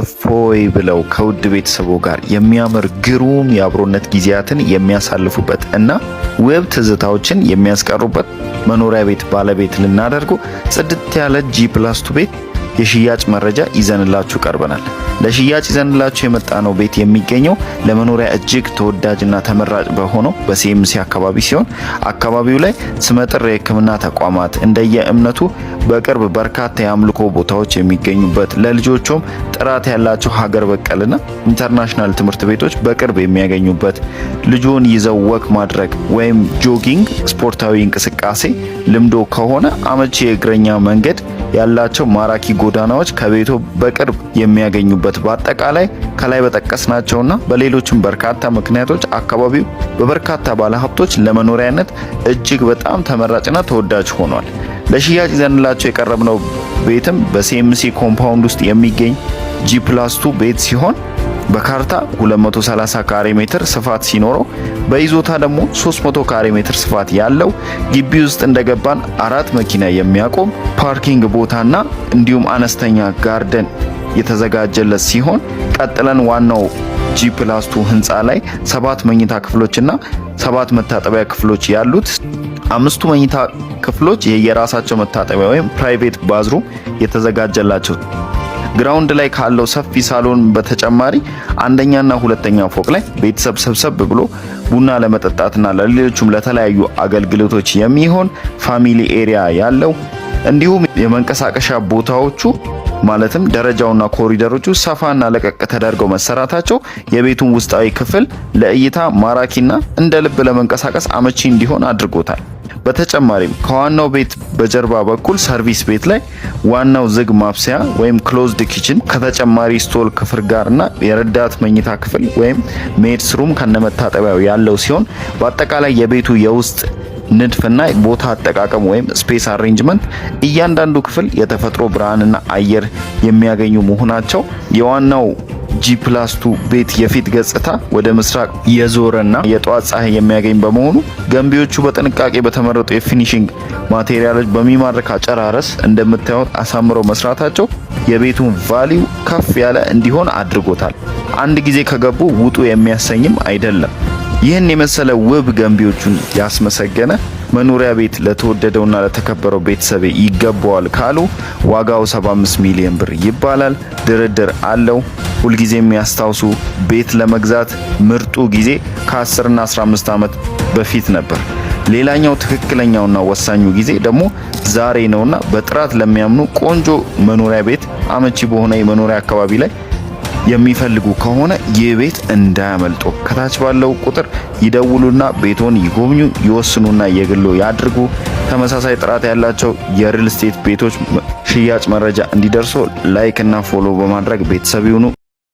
እፎይ ብለው ከውድ ቤተሰቦ ጋር የሚያምር ግሩም የአብሮነት ጊዜያትን የሚያሳልፉበት እና ውብ ትዝታዎችን የሚያስቀሩበት መኖሪያ ቤት ባለቤት ልናደርጉ ጽድት ያለ ጂ ፕላስቱ ቤት የሽያጭ መረጃ ይዘንላችሁ ቀርበናል። ለሽያጭ ይዘንላችሁ የመጣነው ቤት የሚገኘው ለመኖሪያ እጅግ ተወዳጅና ተመራጭ በሆነው በሲኤምሲ አካባቢ ሲሆን አካባቢው ላይ ስመጥር የሕክምና ተቋማት እንደየእምነቱ በቅርብ በርካታ የአምልኮ ቦታዎች የሚገኙበት ለልጆቹም ጥራት ያላቸው ሀገር በቀልና ኢንተርናሽናል ትምህርት ቤቶች በቅርብ የሚያገኙበት ልጆን ይዘው ወክ ማድረግ ወይም ጆጊንግ ስፖርታዊ እንቅስቃሴ ልምዶ ከሆነ አመቺ የእግረኛ መንገድ ያላቸው ማራኪ ጎዳናዎች ከቤቶ በቅርብ የሚያገኙበት በአጠቃላይ ከላይ በጠቀስናቸውና በሌሎችም በርካታ ምክንያቶች አካባቢው በበርካታ ባለሀብቶች ለመኖሪያነት እጅግ በጣም ተመራጭና ተወዳጅ ሆኗል። ለሽያጭ ይዘንላቸው የቀረብነው ቤትም በሲኤምሲ ኮምፓውንድ ውስጥ የሚገኝ ጂ ፕላስ ቱ ቤት ሲሆን በካርታ 230 ካሬ ሜትር ስፋት ሲኖረው በይዞታ ደግሞ 300 ካሬ ሜትር ስፋት ያለው ግቢ ውስጥ እንደገባን አራት መኪና የሚያቆም ፓርኪንግ ቦታና እንዲሁም አነስተኛ ጋርደን የተዘጋጀለት ሲሆን ቀጥለን ዋናው ጂ ፕላስ ቱ ህንፃ ላይ ሰባት መኝታ ክፍሎችና ሰባት መታጠቢያ ክፍሎች ያሉት አምስቱ መኝታ ክፍሎች የየራሳቸው መታጠቢያ ወይም ፕራይቬት ባዝሩም የተዘጋጀላቸው ግራውንድ ላይ ካለው ሰፊ ሳሎን በተጨማሪ አንደኛና ሁለተኛ ፎቅ ላይ ቤተሰብ ሰብሰብ ብሎ ቡና ለመጠጣትና ለሌሎችም ለተለያዩ አገልግሎቶች የሚሆን ፋሚሊ ኤሪያ ያለው እንዲሁም የመንቀሳቀሻ ቦታዎቹ ማለትም ደረጃውና ኮሪደሮቹ ሰፋና ለቀቅ ተደርገው መሰራታቸው የቤቱን ውስጣዊ ክፍል ለእይታ ማራኪና እንደ ልብ ለመንቀሳቀስ አመቺ እንዲሆን አድርጎታል። በተጨማሪም ከዋናው ቤት በጀርባ በኩል ሰርቪስ ቤት ላይ ዋናው ዝግ ማብሰያ ወይም ክሎዝድ ኪችን ከተጨማሪ ስቶል ክፍል ጋርና የረዳት መኝታ ክፍል ወይም ሜድስ ሩም ከነመታጠቢያው ያለው ሲሆን በአጠቃላይ የቤቱ የውስጥ ንድፍና ቦታ አጠቃቀም ወይም ስፔስ አሬንጅመንት እያንዳንዱ ክፍል የተፈጥሮ ብርሃንና አየር የሚያገኙ መሆናቸው የዋናው ጂ ፕላስ ቱ ቤት የፊት ገጽታ ወደ ምስራቅ የዞረና የጠዋት ፀሐይ የሚያገኝ በመሆኑ ገንቢዎቹ በጥንቃቄ በተመረጡ የፊኒሽንግ ማቴሪያሎች በሚማርክ አጨራረስ እንደምታዩት አሳምረው መስራታቸው የቤቱን ቫሊዩ ከፍ ያለ እንዲሆን አድርጎታል። አንድ ጊዜ ከገቡ ውጡ የሚያሰኝም አይደለም። ይህን የመሰለ ውብ ገንቢዎቹን ያስመሰገነ መኖሪያ ቤት ለተወደደውና ለተከበረው ቤተሰቤ ይገባዋል ካሉ ዋጋው 75 ሚሊዮን ብር ይባላል። ድርድር አለው። ሁልጊዜ የሚያስታውሱ ቤት ለመግዛት ምርጡ ጊዜ ከ10ና 15 ዓመት በፊት ነበር። ሌላኛው ትክክለኛውና ወሳኙ ጊዜ ደግሞ ዛሬ ነውና በጥራት ለሚያምኑ ቆንጆ መኖሪያ ቤት አመቺ በሆነ የመኖሪያ አካባቢ ላይ የሚፈልጉ ከሆነ ይህ ቤት እንዳያመልጦ ከታች ባለው ቁጥር ይደውሉና ቤቶን ይጎብኙ፣ ይወስኑና የግሎ ያድርጉ። ተመሳሳይ ጥራት ያላቸው የሪል ስቴት ቤቶች ሽያጭ መረጃ እንዲደርሶ ላይክ እና ፎሎ በማድረግ ቤተሰብ ይሁኑ።